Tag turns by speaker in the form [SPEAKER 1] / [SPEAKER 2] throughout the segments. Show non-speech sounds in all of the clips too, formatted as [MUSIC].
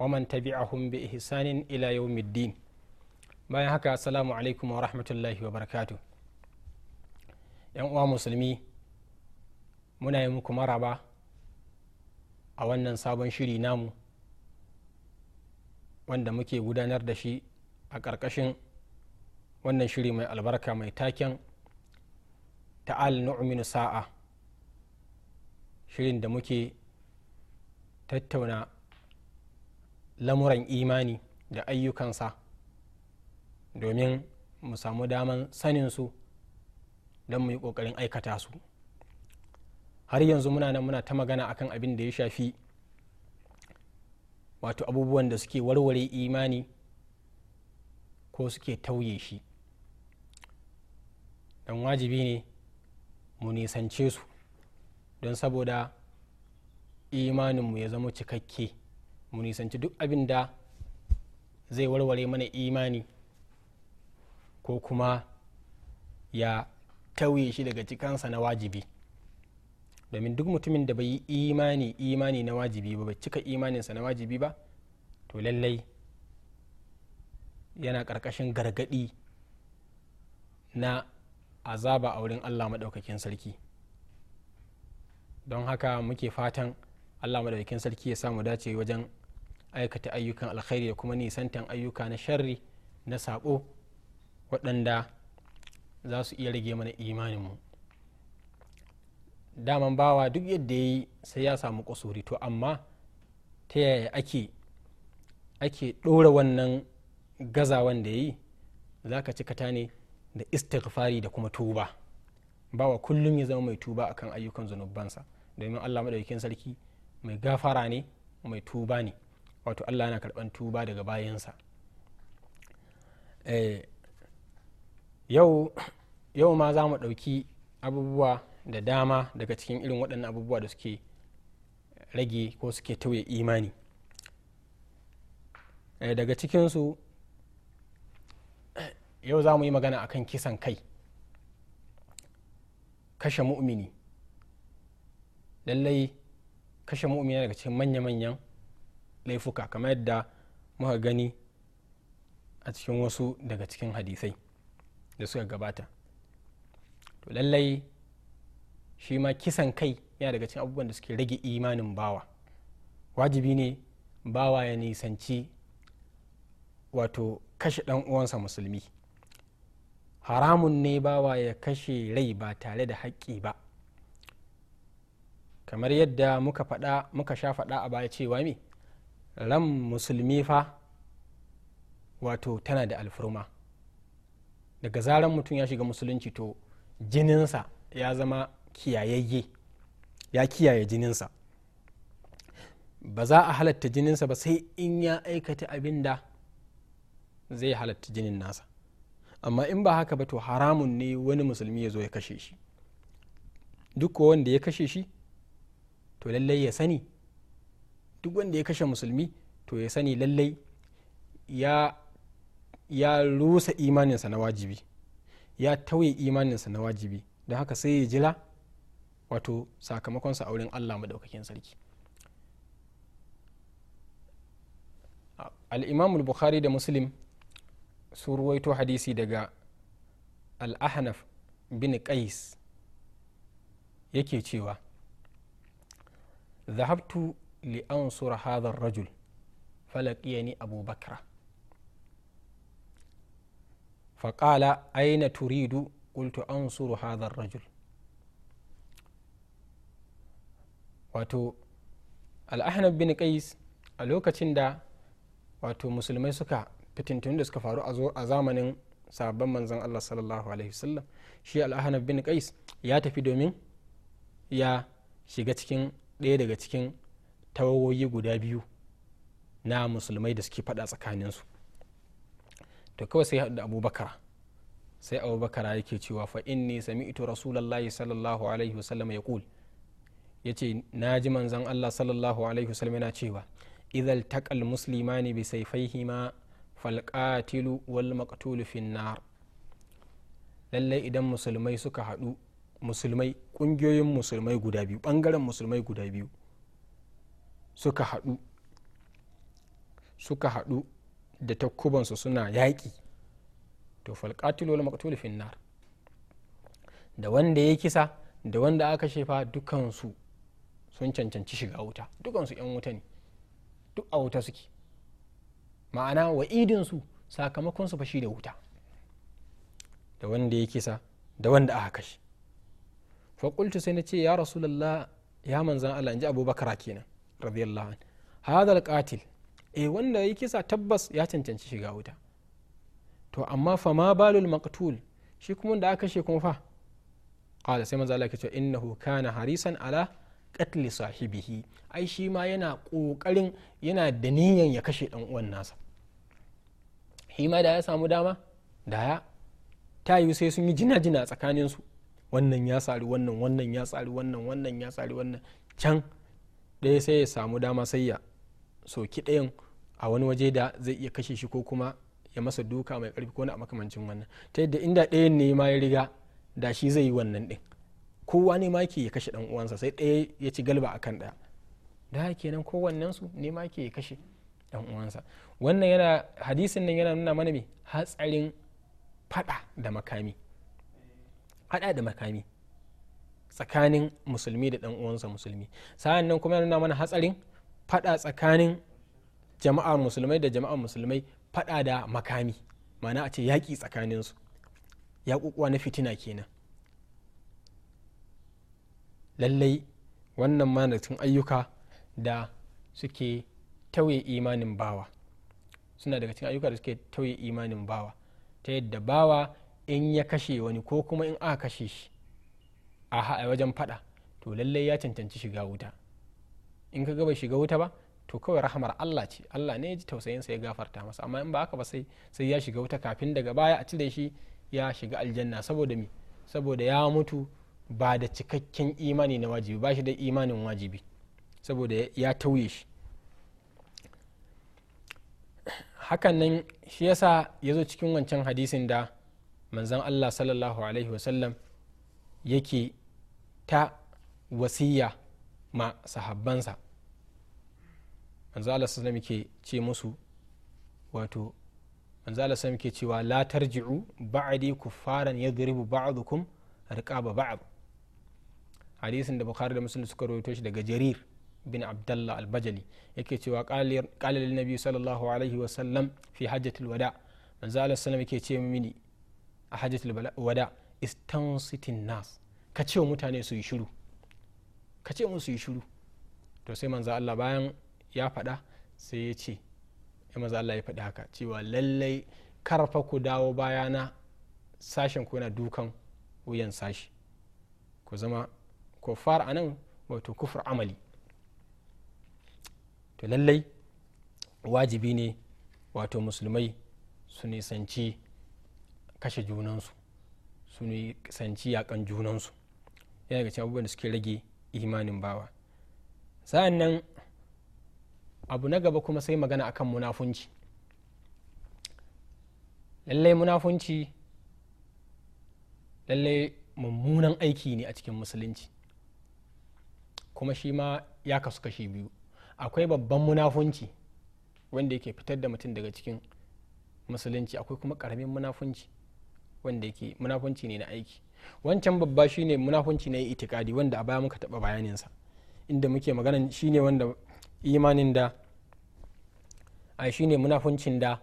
[SPEAKER 1] waman tabi'ahum bi ihsanin ila yawmiddin bayan haka assalamu alaikum wa rahmatullahi wa barakatu yan uwa musulmi muna yi muku maraba a wannan sabon shiri namu wanda muke gudanar da shi a ƙarƙashin wannan shiri mai albarka mai taken ta nu'minu sa'a shirin da muke tattauna lamuran imani da ayyukansa domin mu samu daman saninsu don mu yi ƙoƙarin aikata su har yanzu muna nan muna ta magana akan abin da ya shafi wato abubuwan da suke warware imani ko suke tauye shi don wajibi ne mu nisance su don saboda imaninmu ya zama cikakke mu nisanci duk abin da zai warware mana imani ko kuma ya tauye shi daga cikansa na wajibi domin duk mutumin da bai yi imani imani na wajibi ba bai cika imaninsa na wajibi ba to lallai yana ƙarƙashin gargaɗi na azaba a wurin allah maɗaukakin sarki don haka muke fatan allah maɗaukakin sarki ya samu dace wajen aikata ayyukan alkhairi da kuma nisantan ayyuka na sharri na sabo waɗanda za su iya rage mana imaninmu daman bawa duk yadda ya yi sai ya samu kusuri to amma ta yaya ake ake ɗora wannan gazawan da ya yi za ka cikata ne da istighfari da kuma tuba bawa kullum ya zama mai tuba akan ayyukan zunubansa domin allah maɗaukin sarki mai gafara ne mai tuba ne wato allah yana karɓan tuba daga bayansa eh, yau ma za mu ɗauki abubuwa da dama daga cikin irin waɗannan abubuwa da suke rage ko suke tauye imani eh, daga cikinsu yau za mu yi magana akan kisan kai kashe mu'mini lallai kashe mu'mini daga cikin manya-manyan laifuka kamar yadda muka gani a cikin wasu daga cikin hadisai da suka gabata to lallai shi ma kisan kai yana daga cikin abubuwan da suke rage imanin bawa wajibi ne bawa ya nisanci wato kashe dan uwansa musulmi haramun ne bawa ya kashe rai ba tare da haƙƙi ba kamar yadda muka faɗa muka sha faɗa a baya cewa me ran musulmi fa wato tana da alfurma daga zaran mutum ya shiga musulunci to jininsa ya zama kiyayayye ya kiyaye jininsa ba za a halatta jininsa ba sai in ya aikata abin da zai halatta jinin nasa amma in ba haka ba to haramun ne wani musulmi ya zo ya kashe shi duk wanda ya kashe shi to lallai ya sani duk wanda ya kashe musulmi to ya sani lallai ya rusa imaninsa na wajibi ya tauye imaninsa na wajibi don haka sai ya jira wato sakamakonsa a wurin allah maɗaukakin sarki al'imamul bukhari da muslim su ruwaito hadisi daga Al ahnaf bin qais yake cewa zahabtu sura hadar rajul falaqiyani abu bakra aina turidu تريد an sura hadar rajul wato al'ahnab bin qais a lokacin da wato musulmai suka fitintun da suka faru a zamanin sabon manzan allah sallallahu alaihi wasallam shi al'ahnab bin qais ya tafi domin ya shiga cikin ɗaya daga cikin tawayoyi guda biyu na musulmai da suke faɗa su to kawai sai hadu da abubakar sai abubakar yake cewa fa inni sami'tu rasulallahi sallallahu alaihi wasallam ya kul ya ce na ji manzan allah sallallahu alaihi wasallam yana cewa idal taqal muslimani bi sayfaihima fal qatilu wal maqtulu fin lallai idan musulmai suka haɗu musulmai ƙungiyoyin musulmai guda biyu ɓangaren musulmai guda biyu suka haɗu suka haɗu da takubansu suna yaƙi to falƙatilu wal maqtul finnar da wanda ya kisa da wanda aka shefa dukansu sun cancanci shiga wuta dukansu yan wuta ne duk a wuta suke ma'ana wa idinsu sakamakon su fashi da wuta da wanda ya kisa da wanda aka kashe faƙultu sai na ce ya rasulullah ya manzan allah in ji abubakar kenan radiyallahu anhu hadal qatil eh wanda ya kisa tabbas ya cancanci shiga wuta to amma fa ma balul maqtul shi kuma da aka kashe kuma fa qala sai manzo Allah ya ce innahu kana harisan ala qatli sahibihi ai shi ma yana kokarin yana da niyyan ya kashe dan uwan nasa shi ma da ya samu dama da ya tayu sai sun yi jina-jina tsakaninsu wannan ya tsari wannan wannan ya tsari wannan wannan ya tsari wannan can ɗaya sai ya samu dama sai ya soki ɗayan a wani waje da zai iya kashe shi ko kuma ya masa duka mai ƙarfi ko na makamancin wannan ta yadda inda ɗayan ne ma ya riga da shi zai yi wannan ɗin kowa ne ma ke ya kashe ɗan uwansa sai ɗaya ya ci galba akan ɗaya da haka kenan kowannen su ne ma ke ya kashe ɗan uwansa wannan yana hadisin nan yana nuna mana me hatsarin faɗa da makami faɗa da makami tsakanin musulmi da dan uwansa musulmi sa'an nan kuma ya nuna mana hatsarin fada tsakanin jama'a musulmai da jama'an musulmai fada da makami mana a ce yaƙi tsakaninsu yaƙuƙuwa na fitina kenan lallai wannan manatin ayyuka da suke tauye imanin bawa suna daga cikin ayyuka da suke tauye imanin bawa ta yadda bawa in ya kashe wani ko kuma in aka kashe shi a wajen fada to lallai ya cancanci shiga wuta in ka gaba shiga wuta ba to kawai rahamar Allah ce Allah ne ya ji tausayin sa ya gafarta masa amma in ba haka ba sai ya shiga wuta kafin daga baya a cire shi ya shiga aljanna saboda me saboda ya mutu ba da cikakken imani na wajibi ba shi da imanin wajibi saboda ya tauye shi hakan nan shi yasa ya zo cikin wancan hadisin da manzan Allah sallallahu alaihi wasallam yake ta wasiya ma sahabbansa manzo Allah sallam ke ce musu wato manzo Allah sallam ke cewa la tarji'u ba'di kuffaran yadribu ba'dukum riqaba ba'd hadisin da bukhari da muslim suka rawaito shi daga jarir bin abdullah al-bajali yake cewa qala lin nabi sallallahu alaihi wa sallam fi hajjatul wada manzo Allah sallam yake ce mini a hajjatul wada istansitin nas ka ce wa mutane su yi shiru ka ce musu yi shiru to sai manzo Allah bayan ya faɗa sai ya ce ya manzo Allah ya faɗi haka cewa lallai karfa ku dawo bayana sashen ku yana dukan wuyan sashi ku zama kufar anan wato kufur amali to lallai wajibi ne wato musulmai su nisanci kashe junansu su nisanci yakan junansu yana daga cikin abubuwan da suke rage imanin bawa sa'an nan abu na gaba kuma sai magana akan munafunci lallai munafunci lallai mummunan aiki ne a cikin musulunci kuma shi ma ya kasu kashi biyu akwai babban munafunci wanda yake fitar da mutum daga cikin musulunci akwai kuma karamin munafunci wanda yake munafunci ne na aiki wancan babba shine munafunci na itikadi wanda a baya muka taba bayanin sa inda muke magana shine wanda imanin da a shine munafuncin da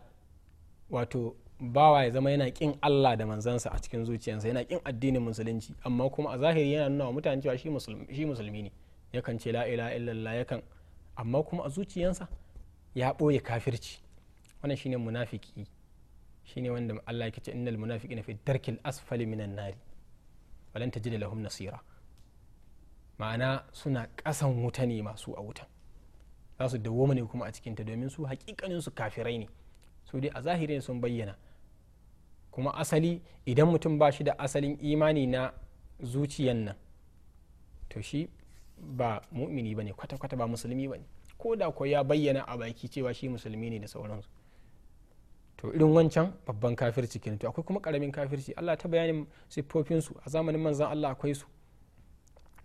[SPEAKER 1] wato bawa ya zama yana kin Allah da manzansa a cikin zuciyarsa yana kin addinin musulunci amma kuma a zahiri yana nuna wa mutane cewa shi musulmi ne yakan ce la ilaha illallah yakan amma kuma a zuciyarsa ya ɓoye kafirci wannan shine munafiki shine wanda Allah yake ce innal munafiqina fi darkil asfali minan nari walan da lahum nasira ma'ana suna kasan wuta ne masu a wutan za su dawoma ne kuma a cikinta domin su hakikanin su kafirai ne su dai a zahirin sun bayyana kuma asali idan mutum ba shi da asalin imani na zuciyan nan to shi ba mu'mini ba ne kwata-kwata ba musulmi ba ne ko da ko ya bayyana a baki cewa shi musulmi ne da sauransu to irin wancan babban kafirci kenan to akwai kuma karamin kafirci Allah ta bayanin siffofin su a zamanin manzon Allah akwai su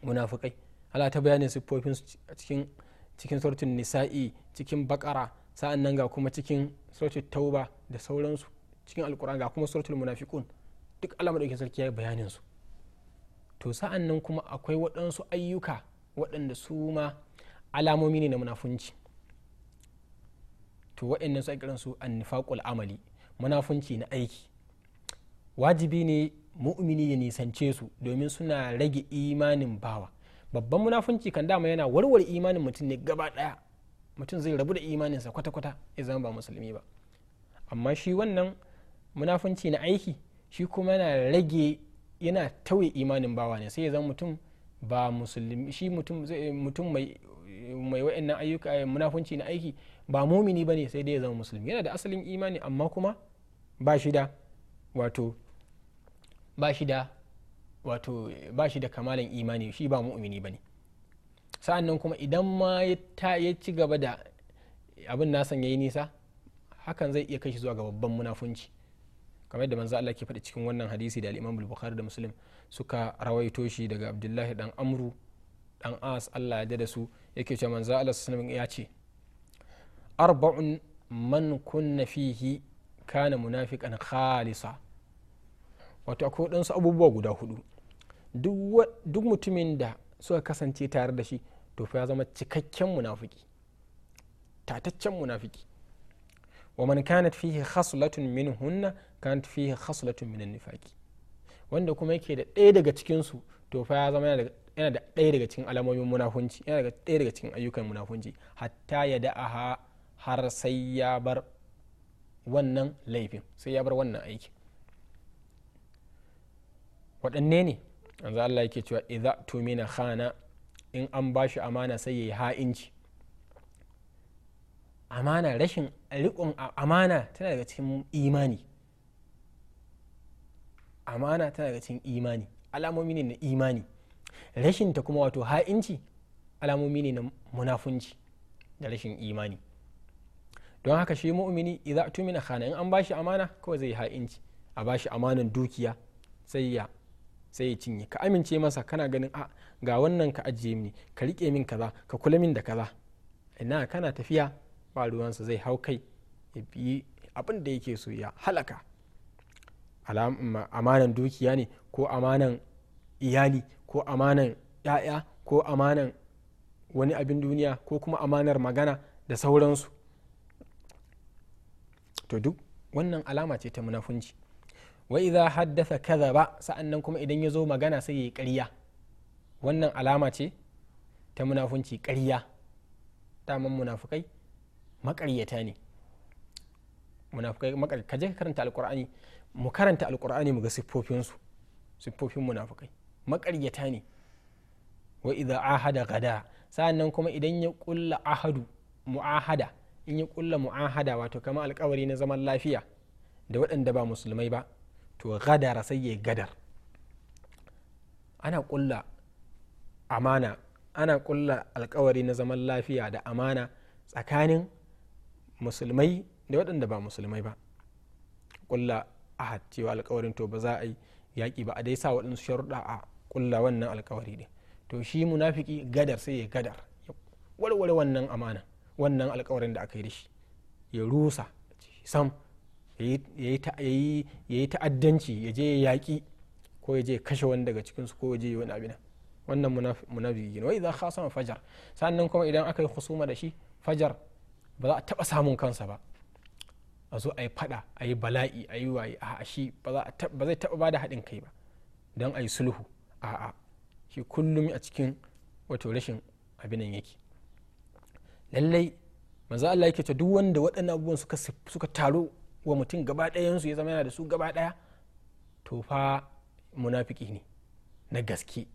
[SPEAKER 1] munafikai Allah ta bayanin siffofin su cikin cikin suratul nisa'i cikin bakara sa'an nan ga kuma cikin suratul tauba da sauransu cikin alquran ga kuma suratul munafiqun duk Allah madaukin sarki ya bayanin su to sa'an nan kuma akwai waɗansu ayyuka waɗanda su ma alamomi ne na munafunci to wa'annan sai kiransu su annifaqul amali munafunci na aiki wajibi ne mu'mini ya nisance su domin suna rage imanin bawa babban munafunci kan dama yana warware imanin mutum ne gaba daya mutum zai rabu da imaninsa kwata-kwata ya zama ba musulmi ba amma shi wannan munafunci na aiki shi kuma yana rage yana tauye imanin bawa ne sai ya zama mutum ba musulmi shi mutum mai wa'annan ayyuka munafunci na aiki ba mumini bane sai dai ya zama musulmi yana da asalin imani amma kuma ba shi da wato ba shi da wato ba shi da kamalan imani shi ba mu'mini bane sannan kuma idan ma ya ci gaba da abin nasan yayi nisa hakan zai iya kai shi zuwa ga babban munafunci kamar yadda manzo Allah ke faɗi cikin wannan hadisi da al-Imam Bukhari da Muslim suka rawaito shi daga Abdullahi dan Amru dan As Allah ya da su yake cewa manzo Allah sallallahu alaihi wasallam ya ce arba'un man kunna fihi kana munafikan khalisa wato akwai waɗansu abubuwa guda hudu duk mutumin da suka kasance tare da shi to fa ya zama cikakken munafiki tataccen munafiki wa man kanat fihi khaslatun minhunna kanat fihi khaslatun min nifaqi wanda kuma yake da ɗaya daga cikin su to fa ya zama yana da ɗaya daga cikin alamomin munafunci yana da ɗaya daga cikin ayyukan munafunci hatta ya da'aha har sai ya bar wannan laifin sai ya bar wannan aiki waɗanne ne yanzu Allah yake cewa idza tumina khana in an ba shi amana sai ya yi ha'inci amana rashin riƙon amana tana daga cikin imani amana tana daga cikin imani alamomi ne na imani rashin ta kuma wato ha'inci alamomi ne na munafunci da rashin imani don haka shi mu'mini idza tumina khana in an bashi amana kawai zai ha'inci a bashi amanan dukiya sai ya sai ya cinye ka amince masa kana ganin a ga wannan ka ajiye mini ka rike min kaza ka kula min da kaza ina kana tafiya ba sa zai hau kai ya bi abin da yake so ya halaka amanan dukiya ne ko amanan iyali ko amanan ya'ya ko amanan wani abin duniya ko kuma amanar magana da sauransu to duk wannan alama ce ta munafunci wa idza haddatha kadhaba sa'annan kuma idan ya zo magana sai yayi ƙarya wannan alama ce ta munafunci ƙarya daman munafukai maƙaryata ne munafukai maƙaryata kaje ka karanta alƙur'ani mu karanta alƙur'ani mu ga siffofinsu siffofin munafukai maƙaryata ne wa idza ahada gada sa'annan kuma idan ya ƙulla ahadu mu'ahada in yi kulla mu'ahada wato kama alkawari na zaman lafiya da waɗanda ba musulmai ba to gadara sai ya gadar ana kulla amana ana kulla alkawari na zaman lafiya da amana tsakanin musulmai da waɗanda ba musulmai ba kulla ahad cewa alkawarin to ba za a yi yaƙi ba a dai sa waɗansu sharuɗa a kulla wannan alkawari ne to shi munafiki gadar sai ya gadar warware wannan amana wannan alkawarin da aka yi da shi ya rusa sam ya yi ta'addanci ya je ya yaƙi ko ya je kashe wani daga cikinsu ko ya je wani abin wannan munafi yi wai za idan khasama fajar sannan kuma idan aka yi husuma da shi fajar ba za a taɓa samun kansa ba a zo a yi fada a yi bala'i a yi waye a shi ba zai taɓa ba da haɗin kai ba don a yi sulhu a'a shi kullum a cikin wato rashin abinan yake lallai manzo Allah yake ta duk wanda waɗannan abubuwan suka suka taro wa mutum gaba ɗayansu ya zama yana da su gaba ɗaya to fa munafiki ne na gaske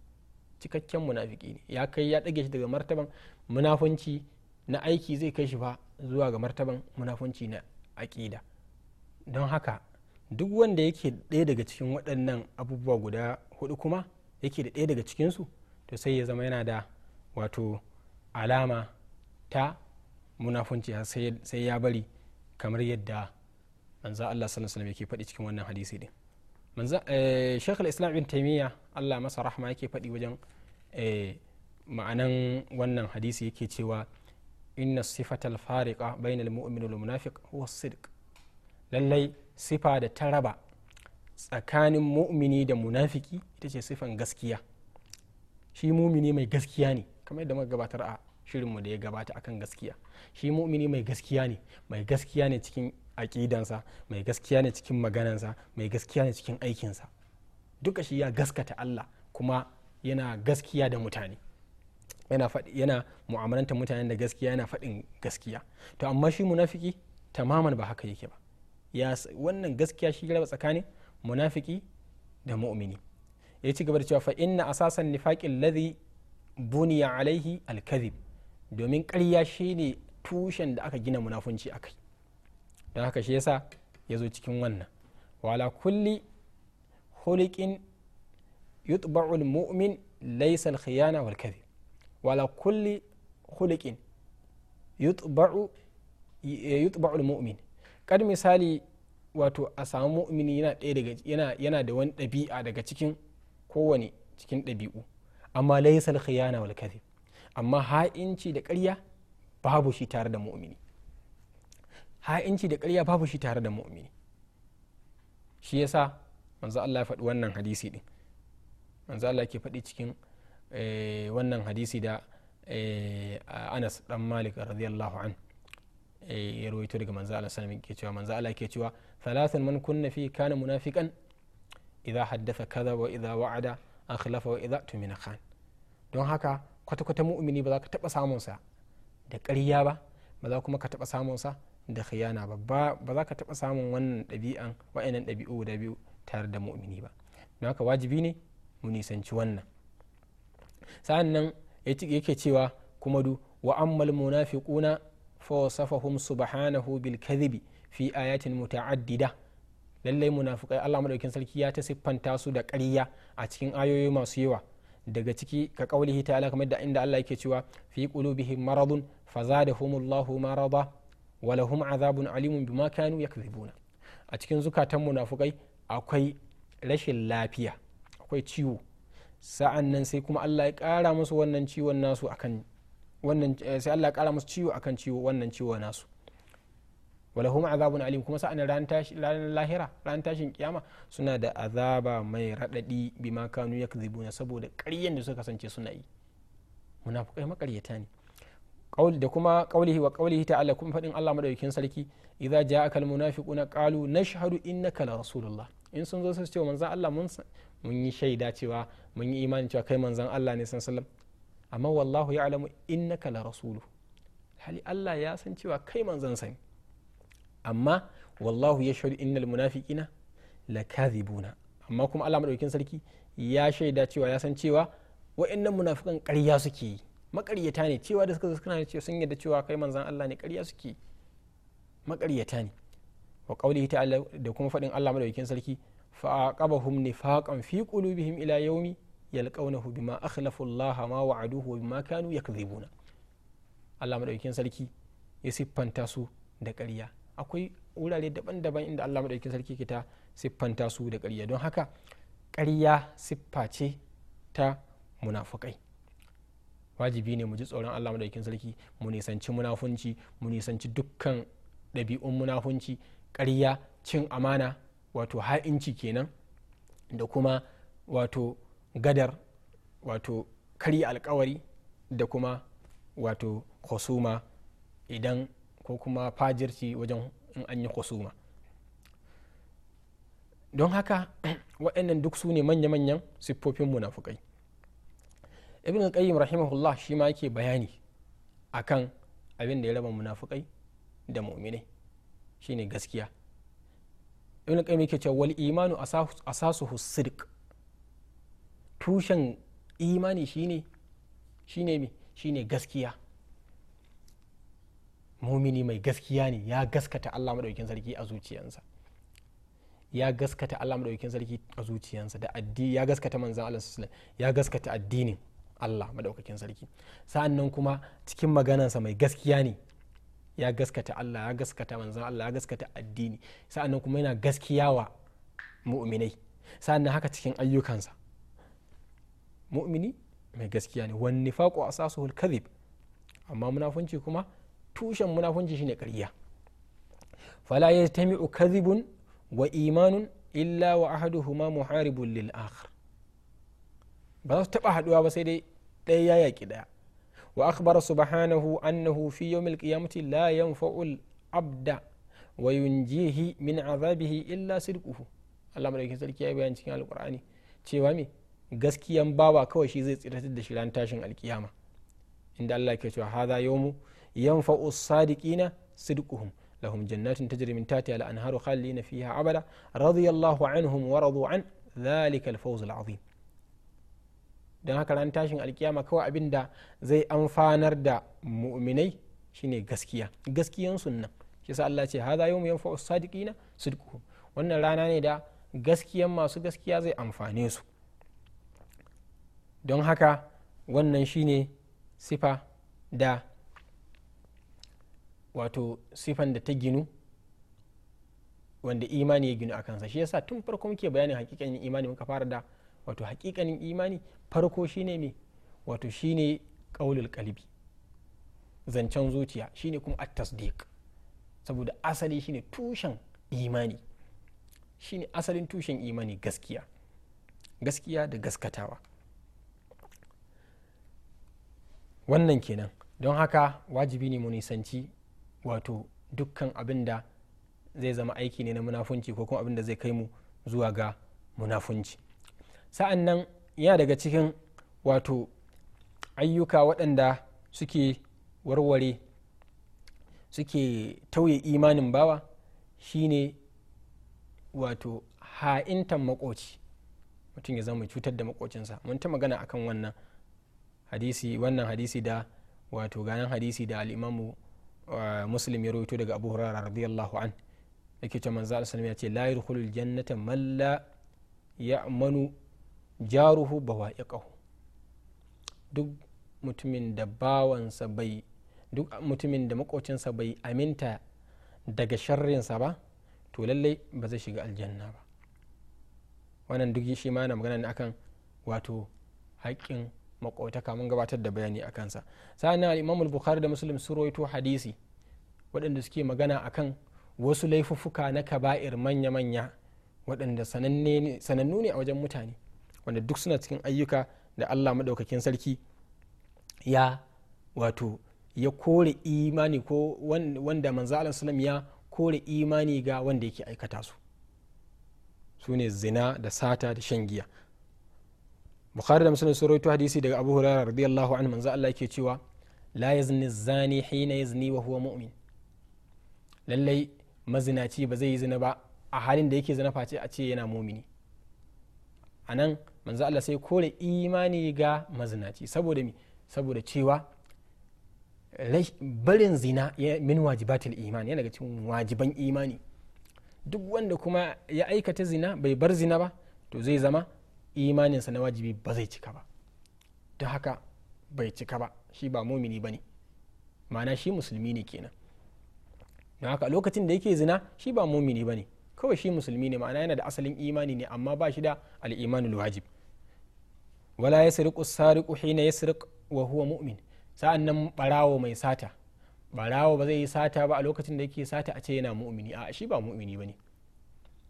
[SPEAKER 1] cikakken munafiki ne ya kai ya ɗage shi daga martaban munafunci na aiki zai kai shi fa zuwa ga martaban munafunci na aƙida don haka duk wanda yake ɗaya daga cikin waɗannan abubuwa guda hudu kuma yake da ɗaya daga cikinsu to sai ya zama yana da wato alama ta munafunci sai ya bari kamar yadda manzo Allah sallallahu alaihi wasallam yake faɗi cikin wannan hadisi din manzo eh, Sheikh al-Islam ibn Taymiyyah Allah masa rahma yake faɗi wajen eh, ma'anan wannan hadisi yake cewa inna sifatal fariqa bainal mu'min wal munafiq huwa sidq lallai sifa da taraba tsakanin mu'mini da munafiki ita ce sifan gaskiya shi mumini mai gaskiya ne kamar yadda muka gabatar a Shirin mu da ya gabata akan gaskiya shi mu'mini mai gaskiya ne mai gaskiya ne cikin aƙidansa mai gaskiya ne cikin maganansa mai gaskiya ne cikin aikinsa duka shi ya gaskata Allah kuma yana gaskiya da mutane yana yana mu'amalanta mutane da gaskiya yana faɗin gaskiya to amma shi munafiki tamaman ba haka yake ba ya wannan gaskiya shi raba tsakanin munafiki da mu'mini ya ci gaba da cewa fa inna asasan nifaqin ladhi buniya alaihi alkadhib domin ƙarya shine tushen da aka gina munafunci akai don haka shi yasa ya zo cikin wannan wala kulli hulikin yutba'ul mu'min laysa khiyana wal kadhib wala kulli hulikin yutba'u yutba'ul mu'min kad misali wato a samu mu'mini yana ɗaya daga yana yana da wani ɗabi'a daga cikin kowane cikin ɗabi'u amma laysal khiyana wal kadhib amma ha'inci da ƙarya babu shi tare da mu'mini ha'inci da ƙarya babu shi tare da mu'mini shi yasa manzo Allah ya faɗi wannan hadisi din manzo Allah ke faɗi cikin eh, wannan hadisi da eh, Anas dan Malik radiyallahu an eh, ya rawaito daga manzo Allah sallallahu ke cewa manzo Allah ke cewa thalathun man kunna fi kana munafiqan idza haddatha kaza wa idza wa'ada akhlafa wa idza tumina khan don haka kwata-kwata mu'mini ba za ka taɓa samunsa da ƙarya ba ba za kuma ka taɓa sa da khiyana ba ba za ka taɓa samun wannan ɗabi'an wa'annan ɗabi'u guda biyu tare da mu'mini ba don haka wajibi ne mu nisanci wannan sa'an nan yake cewa kuma du wa ammal munafiquna fa wasafahum subhanahu bil kadhibi fi ayatin muta'addida lallai munafiqai Allah madaukin sarki ya ta siffanta su da ƙarya a cikin ayoyi masu yawa daga ciki ka kaulihi ta'ala kamar da inda Allah yake cewa fi qulubihim maradun fazadahumullahu marada wa lahum azabun alimun bima kanu yakzibuna a cikin zukatan munafukai akwai rashin lafiya akwai ciwo sa'an nan sai kuma Allah ya kara musu wannan ciwon nasu akan wannan eh, sai Allah ya kara musu ciwo akan ciwo wannan ciwo nasu walahum azabun alim kuma sa'an ran ranar lahira ran tashin kiyama suna da azaba mai radadi bima kanu yakzibuna saboda ƙaryen da suka kasance suna yi munafukai makaryata ne da kuma qaulihi wa qaulihi ta'ala kuma fadin Allah madaukakin sarki idza na munafiquna qalu nashhadu innaka la rasulullah in sun zo su ce manzon Allah mun yi shaida cewa mun yi imani cewa kai manzon Allah ne san amma wallahu ya'lamu innaka la rasulu hali Allah ya san cewa kai manzan sani. amma wallahu ya shaidu innal munafiqina lakazibuna amma kuma Allah madaukakin sarki ya shaida cewa ya san cewa wa'annan munafikan ƙarya suke yi maƙaryata ne cewa da suka suna cewa sun yarda cewa kai manzan Allah ne ƙarya suke maƙaryata ne wa qaulihi ta'ala da kuma faɗin Allah madaukakin sarki fa aqabahum nifaqan fi qulubihim ila yawmi yalqawnahu bima akhlafu Allah ma wa'aduhu wa bima kanu yakdhibuna Allah madaukakin sarki ya siffanta su da ƙarya akwai wurare daban-daban inda Allah madaukakin sarki ke ta siffanta su da ƙarya don haka ƙarya siffa ce ta munafukai wajibi ne mu ji tsoron Allah madaukakin sarki mu nisanci munafunci mu nisanci dukkan ɗabi'un munafunci ƙarya cin amana wato ha'inci kenan da kuma wato gadar wato karya alkawari da kuma wato khusuma idan ko kuma fajirci wajen in an yi husuma don haka [CLEARS THROAT] waɗannan duk su ne manya-manyan siffofin munafukai ibn qayyim rahimahullah shi ma yake bayani akan abin da ya raba munafukai da mu'minai shine gaskiya ibn qayyim yake cewa wal imanu asasuhu sidq tushen imani shine shine me shine gaskiya mumini mai gaskiya ne ya gaskata Allah maɗaukin sarki a zuciyansa ya gaskata Allah maɗaukin sarki a zuciyansa da addini ya gaskata manzan Allah sallallahu ya gaskata addinin Allah madaukakin sarki sa'annan kuma cikin maganansa mai gaskiya ne ya gaskata Allah ya gaskata manzan Allah ya gaskata addini sa'annan kuma yana gaskiya wa mu'minai sa'annan haka cikin ayyukansa mu'mini mai gaskiya ne wani faƙo a sasu kadhib amma munafunci kuma tushen munafunci shine ƙarya fala yajtami'u kadhibun wa imanun illa wa ahaduhuma muharibun lil akhar ba za su taɓa haɗuwa ba sai dai ɗaya ya yaki ɗaya wa akhbara subhanahu annahu fi yawmil qiyamati la yanfa'u al abda wa yunjihi min azabihi illa sidquhu Allah madaukakin sarki ya bayan cikin alqur'ani cewa me gaskiyan bawa kawai shi zai tsiratar da shi tashin alkiyama inda Allah ke cewa hadha yawmu yanfa'u sadiqina sidquhum lahum jannatin tajri min tahtiha al-anharu khalidina fiha abada radiyallahu anhum wa radu an dhalika al don haka ran tashin alkiyama kawai abinda zai amfanar da mu'minai shine gaskiya gaskiyan sunna shi yasa Allah ce hadha yawm yanfa'u sadiqina sidquhum wannan rana ne da gaskiyan masu gaskiya zai amfane su don haka wannan shine sifa da wato sifan da ta ginu wanda imani ya ginu a kansa shi yasa tun farko muke bayanin hakikanin imani muka fara da wato hakikanin imani farko shine me wato shine kaulul kalbi zancen zuciya shine kuma at saboda asali shine tushen imani shine asalin tushen imani gaskiya gaskiya da gaskatawa wannan kenan don haka wajibi ne mu nisanci wato dukkan abin da zai zama aiki ne na munafunci ko kuma abin da zai kai mu zuwa ga munafunci sa'an nan yana daga cikin wato ayyuka waɗanda suke warware suke tauye imanin bawa shine wato ha'intan makoci mutum ya zama cutar da makocinsa mun ta magana akan wannan hadisi wannan hadisi da wato ganin hadisi da al'imamu muslim ya rubuto daga abu hurara radiyallahu an yake ce manzo sallallahu alaihi ya ce la yadkhulul jannata man la ya'manu jaruhu bawa'iqahu duk mutumin da bawansa bai duk mutumin da makocinsa bai aminta daga sharrinsa ba to lallai ba zai shiga aljanna ba wannan duk shi ma na magana ne akan wato haƙƙin makwautaka mun gabatar da bayani a kansa sa'an nan al'imam bukhari da muslim su roito hadisi waɗanda suke magana akan wasu laifuffuka na kaba'ir manya-manya waɗanda sanannu ne a wajen mutane wanda duk suna cikin ayyuka da allah maɗaukakin sarki ya wato ya kore imani ko wanda manzo sulam ya kore imani ga wanda yake aikata su su ne zina da sata da shan giya bukhari da muslim sun hadisi daga abu hurairah radiyallahu anhu manzo Allah yake cewa la yazni zani hina yazni wa huwa mu'min lallai mazinaci ba zai yi zina ba a halin da yake zina face a ce yana mumini a nan manzo Allah sai kore imani ga mazinaci saboda mi saboda cewa barin zina ya min wajibatul iman yana daga cikin wajiban imani duk wanda kuma ya aikata zina bai bar zina ba to zai zama imaninsa na wajibi ba zai cika ba ta haka bai cika ba shi ba mumini ba ne ma'ana shi musulmi ne kenan don haka lokacin da yake zina shi ba mumini ba ne kawai shi musulmi ne ma'ana yana da asalin imani ne amma ba shi da al'imanul wajib wala ya yasriqu sariku hina yasriq wa huwa mu'min sa'an nan barawo mai sata barawo ba zai yi sata ba a lokacin da yake sata a ce yana mu'mini a shi ba mu'mini ba ne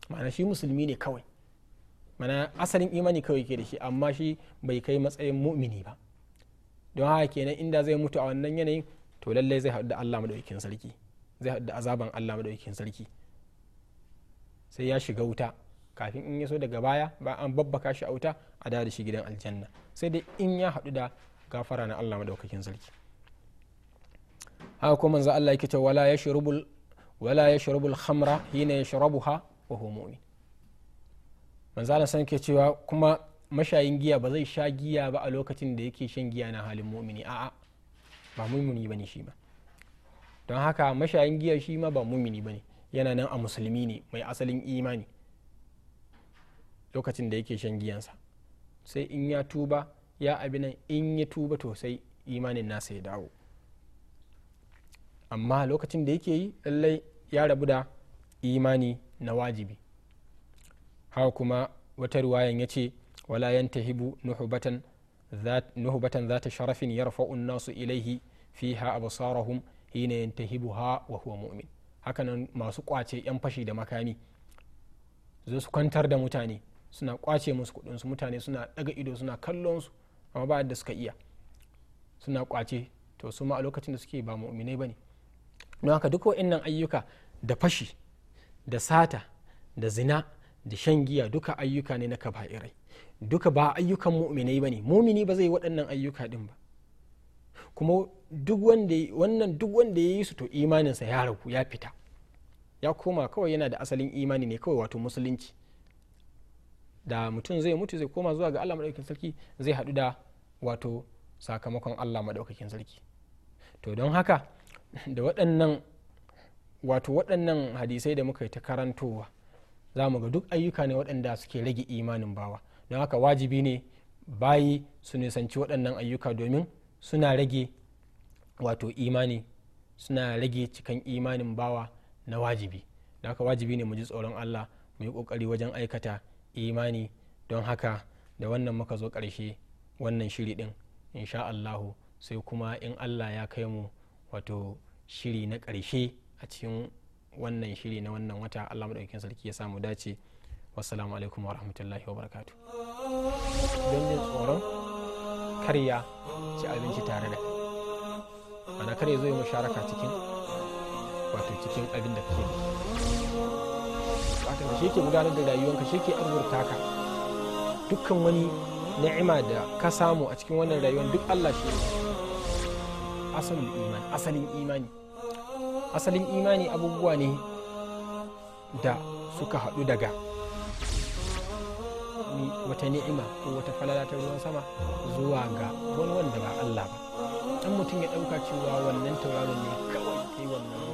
[SPEAKER 1] ma'ana shi musulmi ne kawai mana asalin imani kawai ke da shi amma shi bai kai matsayin mu'mini ba don haka kenan inda zai mutu a wannan yanayin to lallai zai haɗu da Allah madaukakin sarki zai haɗu da azaban Allah madaukakin sarki sai ya shiga wuta kafin in ya so daga baya ba an babbaka shi a wuta a da shi gidan aljanna sai dai in ya haɗu da gafara na Allah madaukakin sarki haka kuma manzo Allah yake cewa wala yashrubul wala yashrubul khamra hina yashrabuha wa huwa mu'min manzala san ke cewa kuma mashayin giya ba zai sha giya ba a lokacin da yake shan giya na halin mumini a'a ba mumini bane shi ba don haka mashayin giya shi ma ba mumini bane yana nan a musulmi ne mai asalin imani lokacin da yake shan giyansa sai in ya tuba ya abi nan in ya tuba to sai imanin nasa ya dawo amma lokacin da yake yi lallai ya rabu da imani na wajibi haka kuma wata ruwayan ya ce wala hibu nuhubatan za zata sharafin yarfa'u nasu ilaihi fi ha fiha absarahum hina ha wa huwa mu'min hakanan masu kwace yan fashi da makami zo su kwantar da mutane suna kwace musu kudinsu mutane suna daga ido suna kallon su amma ba da suka iya suna kwace to su ma a lokacin da suke ba mu'minai bane don haka duk wa'annan ayyuka da fashi da sata da zina da shan giya duka ayyuka ne na kaba'irai duka ba ayyukan mu'minai ne mumini ba zai waɗannan ayyuka ɗin ba kuma duk wannan duk wanda ya yi su to imaninsa ya ragu ya fita ya koma kawai yana da asalin imani ne kawai wato musulunci da mutum zai mutu zai koma zuwa ga Allah maɗaukakin sarki zai haɗu da wato sakamakon Allah maɗaukakin sarki to don haka da waɗannan wato waɗannan hadisai da muka yi ta karantowa za mu ga duk ayyuka ne waɗanda suke rage imanin bawa don haka wajibi ne bayi su nisanci waɗannan ayyuka domin suna rage wato imani suna rage cikan imanin bawa na wajibi don haka wajibi ne mu ji tsoron allah mu yi ƙoƙari wajen aikata imani don haka da wannan muka zo ƙarshe wannan shiri ɗin insha allahu sai kuma in allah ya kai mu wato shiri na ƙarshe a cikin wannan shiri na wannan wata allah maɗaukakin sarki ya samu dace wassalamu alaikum wa rahmatullahi wa barakatu don jin tsoron karya ci abinci tare da ana karya zo yi musharaka cikin wato cikin abin da kake wato shi ke gudanar da rayuwanka shi ke arzurta ka dukkan wani ni'ima da ka samu a cikin wannan rayuwar duk allah shi ne asalin imani asalin imani asalin imani abubuwa ne da suka haɗu daga wata ni'ima ko wata falala ta ruwan sama zuwa ga wani wanda ba Allah ba dan mutum ya ɗauka cewa wannan tauraron ne kawai kai wannan